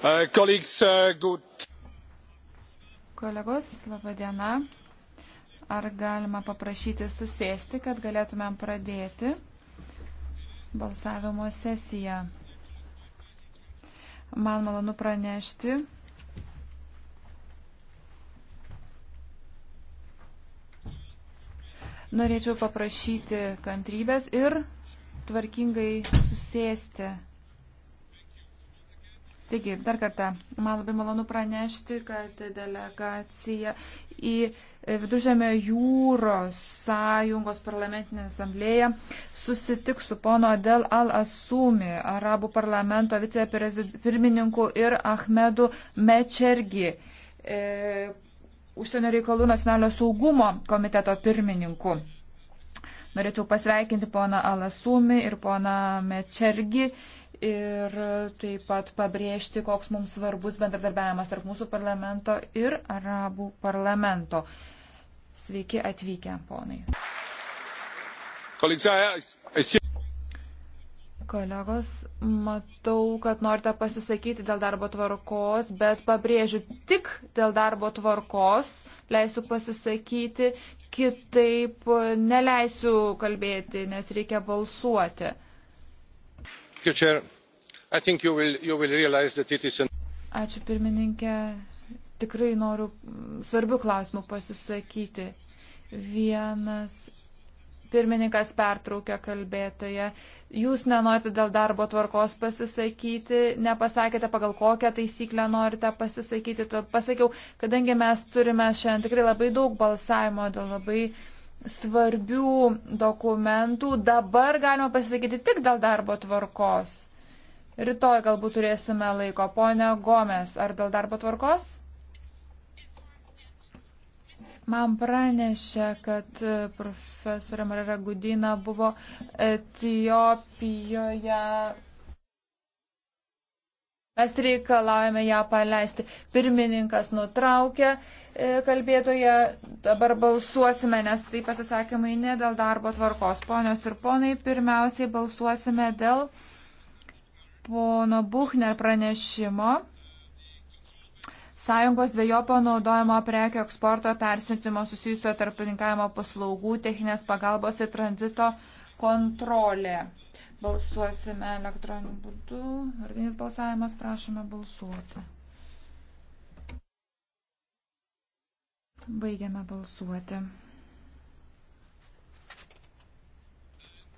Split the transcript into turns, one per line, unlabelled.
Uh, uh, Kolegos, laba diena. Ar galima paprašyti susėsti, kad galėtumėm pradėti balsavimo sesiją? Man malonu pranešti, norėčiau paprašyti kantrybės ir tvarkingai susėsti. Taigi, dar kartą, man labai malonu pranešti, kad delegacija į Viduržėmio jūros sąjungos parlamentinę asamblėją susitiks su pono Del Al-Asumi, Arabų parlamento vicepirmininku ir Ahmedu Mečergi, e, užsienio reikalų nacionalinio saugumo komiteto pirmininku. Norėčiau pasveikinti poną Alasumi ir poną Mečergi ir taip pat pabrėžti, koks mums svarbus bendradarbiavimas tarp mūsų parlamento ir arabų parlamento. Sveiki atvykę, ponai. Kolegos, matau, kad norite pasisakyti dėl darbo tvarkos, bet pabrėžiu tik dėl darbo tvarkos, leisiu pasisakyti, kitaip neleisiu kalbėti, nes reikia balsuoti. Ačiū pirmininkė, tikrai noriu mm, svarbių klausimų pasisakyti. Vienas pirmininkas pertraukė kalbėtoje. Jūs nenorite dėl darbo tvarkos pasisakyti, nepasakėte, pagal kokią taisyklę norite pasisakyti. To pasakiau, kadangi mes turime šiandien tikrai labai daug balsavimo dėl labai uh, svarbių dokumentų. Dabar galima pasisakyti tik dėl darbo tvarkos. Rytoj galbūt turėsime laiko. Pone Gomes, ar dėl darbo tvarkos? Man pranešė, kad e, profesorė Marija Gudina buvo Etijopijoje Mes reikalavome ją paleisti. Pirmininkas nutraukė e, kalbėtoje, dabar balsuosime, nes tai pasisakymai ne dėl darbo tvarkos. Ponios ir ponai, pirmiausiai balsuosime dėl pono Buchner pranešimo. Sąjungos dviejopo naudojimo prekio eksporto persintimo susijusio tarpininkavimo paslaugų, techninės pagalbos ir tranzito kontrolė. Balsuosime elektroniniu būdu. Vardinis balsavimas, prašome balsuoti. Baigiame balsuoti.